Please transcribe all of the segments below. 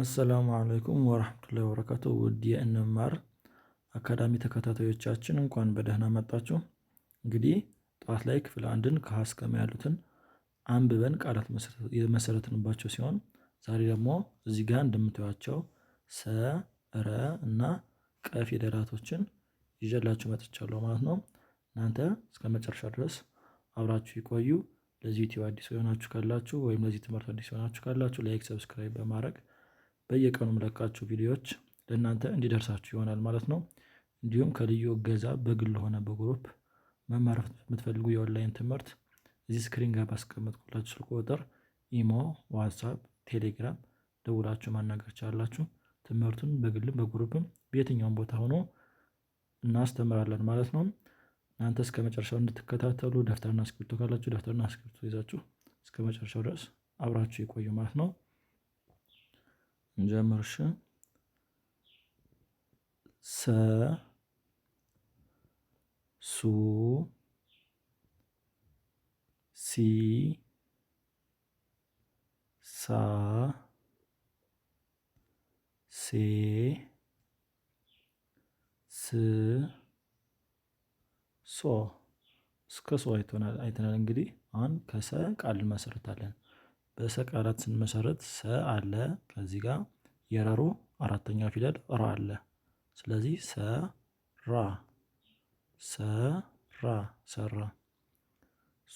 አሰላሙ አለይኩም ወራህመቱላሂ ወበረካቱ። ውድ የእንማር አካዳሚ ተከታታዮቻችን እንኳን በደህና መጣችሁ። እንግዲህ ጠዋት ላይ ክፍል አንድን ከሀ እስከ መ ያሉትን አንብበን ቃላት የመሰረትንባቸው ሲሆን ዛሬ ደግሞ እዚህ ጋር እንደምታዩቸው ሰ፣ ረ እና ቀ ፊደላቶችን ይዤላችሁ መጥቻለሁ ማለት ነው። እናንተ እስከ መጨረሻ ድረስ አብራችሁ ይቆዩ። ለዚህ ዩቲዩብ አዲስ የሆናችሁ ካላችሁ ወይም ለዚህ ትምህርት አዲስ የሆናችሁ ካላችሁ ላይክ፣ ሰብስክራይብ በማድረግ በየቀኑ የምለቃችሁ ቪዲዮዎች ለእናንተ እንዲደርሳችሁ ይሆናል ማለት ነው። እንዲሁም ከልዩ እገዛ በግል ሆነ በግሩፕ መማር የምትፈልጉ የኦንላይን ትምህርት እዚህ ስክሪን ጋር ባስቀመጥኩላችሁ ስልክ ቁጥር ኢሞ፣ ዋትሳፕ፣ ቴሌግራም ደውላችሁ ማናገር ቻላችሁ። ትምህርቱን በግልም በግሩፕም በየትኛውም ቦታ ሆኖ እናስተምራለን ማለት ነው። እናንተ እስከ መጨረሻው እንድትከታተሉ ደፍተርና እስክሪብቶ ካላችሁ ደፍተርና እስክሪብቶ ይዛችሁ እስከ መጨረሻው ድረስ አብራችሁ ይቆዩ ማለት ነው። እንጀምር እሺ። ሰ ሱ ሲ ሳ ሴ ስ ሶ እስከ ሶ አይተናል። እንግዲህ አሁን ከሰ ቃል እንመሰርታለን። በሰ ቃላት ሰ አለ ከዚህ ጋር የረሩ አራተኛ ፊደል ራ አለ። ስለዚህ ሰ ራ ሰ ራ ሰራ።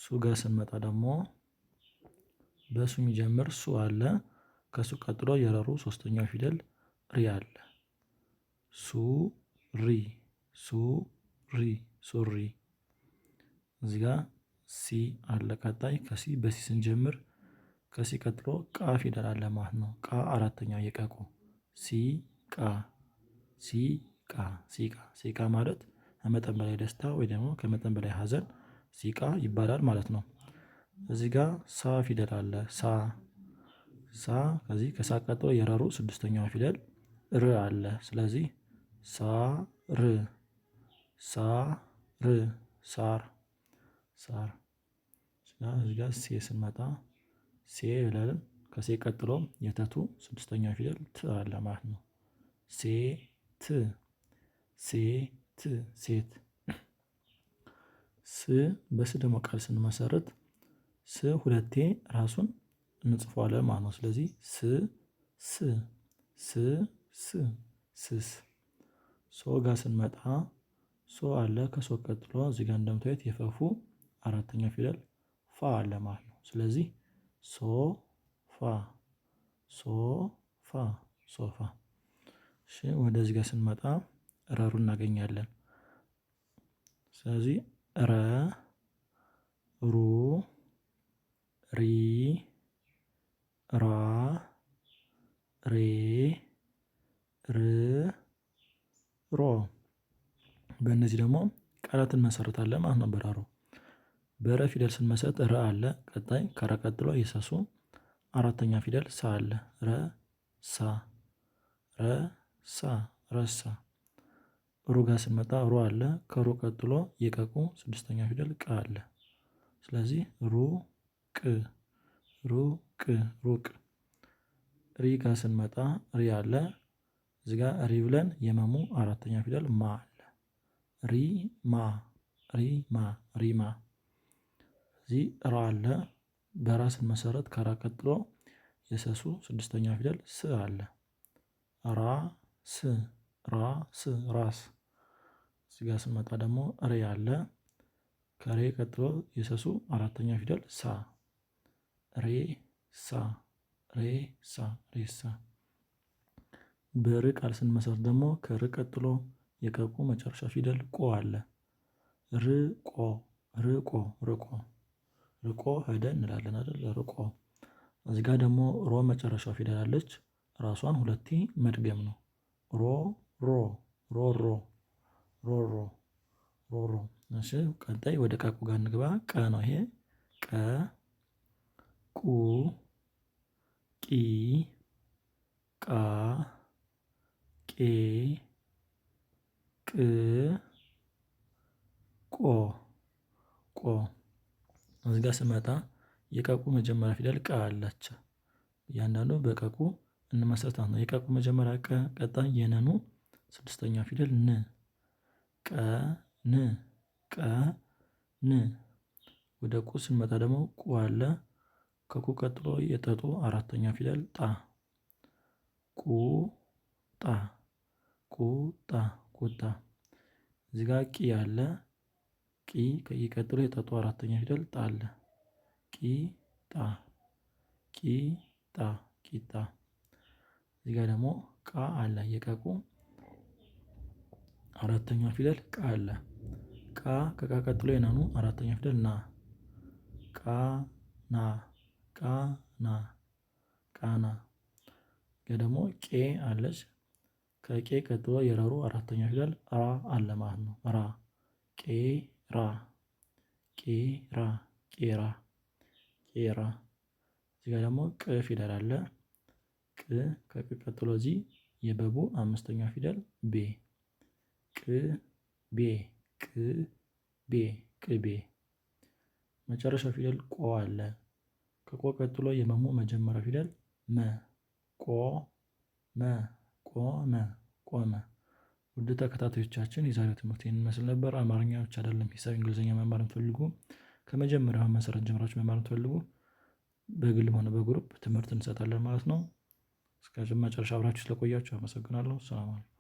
ሱ ጋር ስንመጣ ደግሞ በሱ የሚጀምር ሱ አለ። ከሱ ቀጥሎ የረሩ ሶስተኛው ፊደል ሪ አለ። ሱ ሪ ሱ ሪ ሱሪ። እዚህ ጋር ሲ አለ። ቀጣይ ከሲ በሲ ስንጀምር ከሲ ቀጥሎ ቃ ፊደል አለ ማለት ነው። ቃ አራተኛው የቀቁ ሲ ቃ ሲ ቃ ሲቃ ቃ ማለት ከመጠን በላይ ደስታ ወይ ደግሞ ከመጠን በላይ ሀዘን ሲቃ ይባላል ማለት ነው። እዚህ ጋ ሳ ፊደል አለ ሳ ሳ ከዚህ ከሳ ቀጥሎ የረሩ ስድስተኛው ፊደል ር አለ። ስለዚህ ሳ ር ሳ ር ሳር ሳር። እዚህ ጋ ሴ ስንመጣ ሴ ብለንም ከሴ ቀጥሎ የተቱ ስድስተኛ ፊደል ት አለ ማለት ነው። ሴ ት ሴ ት ሴት። ስ በስ ደግሞ ቃል ስንመሰርት ስ ሁለቴ ራሱን እንጽፏለን ማለት ነው። ስለዚህ ስ ስ ስ ስ ስስ። ሶ ጋር ስንመጣ ሶ አለ ከሶ ቀጥሎ እዚህ ጋር እንደምታዩት የፈፉ አራተኛ ፊደል ፋ አለ ማለት ነው። ስለዚህ ሶፋ ሶፋ ሶፋ እሺ ወደዚህ ጋር ስንመጣ እረሩን እናገኛለን። ስለዚህ ረ ሩ ሪ ራ ሬ ር ሮ በእነዚህ ደግሞ ቃላትን መሰረታለን ማለት ነው በረሩ በረ ፊደል ስንመሰርት ረ አለ። ቀጣይ ከረ ቀጥሎ የሰሱ አራተኛ ፊደል ሳ አለ። ረ ሳ ረ ሳ ረሳ። ሩ ጋር ስንመጣ ሩ አለ። ከሩ ቀጥሎ የቀቁ ስድስተኛ ፊደል ቀ አለ። ስለዚህ ሩ ቅ ሩ ቅ ሩቅ። ሪ ጋር ስንመጣ ሪ አለ። እዚ ጋ ሪ ብለን የመሙ አራተኛ ፊደል ማ አለ። ሪ ማ ሪ ማ ሪ ማ እዚህ ራ አለ። በራ ስንመሰረት ከራ ቀጥሎ የሰሱ ስድስተኛ ፊደል ስ አለ። ራ ስ ራ ስ ራስ። እዚጋ ስንመጣ ደግሞ ሬ አለ። ከሬ ቀጥሎ የሰሱ አራተኛ ፊደል ሳ ሬ ሳ ሬ ሳ ሳ በር ቃል ስንመሰረት ደግሞ ከር ቀጥሎ የቀቁ መጨረሻ ፊደል ቆ አለ። ርቆ ርቆ ርቆ ርቆ ሄደ እንላለን አይደል? ርቆ እዚህ ጋር ደግሞ ሮ መጨረሻው ፊደል አለች። ራሷን ሁለቴ መድገም ነው። ሮ ሮ ሮ ሮ ሮ ሮ ሮ ሮ። እሺ ቀጣይ ወደ ቀቁ ጋር እንግባ። ቀ ነው ይሄ። ቀ ቁ ቂ ቃ ቄ ቅ ቆ ቆ እዚህ ጋር ስመጣ የቀቁ መጀመሪያ ፊደል ቀ አላቸው። እያንዳንዱ በቀቁ እንመሰረታት ነው። የቀቁ መጀመሪያ ቀ፣ ቀጣይ የነኑ ስድስተኛ ፊደል ን፣ ቀ ን፣ ቀ ን። ወደ ቁ ስንመጣ ደግሞ ቁ አለ። ከቁ ቀጥሎ የጠጡ አራተኛ ፊደል ጣ፣ ቁ ጣ፣ ቁ ጣ፣ ቁጣ። እዚህ ጋር ቂ አለ። ቂ ከኢ ቀጥሎ የጠጡ አራተኛ ፊደል ጣ አለ። ቂ ጣ ቂ ጣ ቂጣ። እዚህ ጋር ደግሞ ቃ አለ። የቀቁ አራተኛ ፊደል ቃ አለ። ቃ ከቃ ቀጥሎ የናኑ አራተኛ ፊደል ና። ቃ ና ቃ ና ቃ ና። እዚህ ደግሞ ቄ አለች። ከቄ ቀጥሎ የራሩ አራተኛ ፊደል ራ አለ ማለት ነው። ራ ቄ ራ ቄራ ቄራ ቄራ እዚህ ጋር ደግሞ ቅ ፊደል አለ። ቅ ከቅ ቀጥሎ እዚህ የበቡ አምስተኛው ፊደል ቤ ቅ ቤ ቅ ቤ ቅቤ። መጨረሻው ፊደል ቆ አለ። ከቆ ቀጥሎ የመሙ መጀመሪያው ፊደል መ ቆ መ ቆመ ቆመ ውድ ተከታታዮቻችን የዛሬው ትምህርት ይህን ነበር። አማርኛ ብቻ አይደለም ሂሳብ፣ እንግሊዝኛ መማር የምትፈልጉ ከመጀመሪያ መሰረት ጀምራችሁ መማር የምትፈልጉ በግልም ሆነ በግሩፕ ትምህርት እንሰጣለን ማለት ነው። እስከ መጨረሻ አብራችሁ ስለቆያችሁ አመሰግናለሁ። ሰላም አለይኩም።